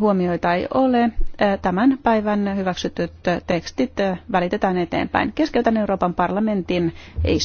huomioita ei ole, tämän päivän hyväksytyt tekstit välitetään eteenpäin. Keskeytän Euroopan parlamentin istunnon.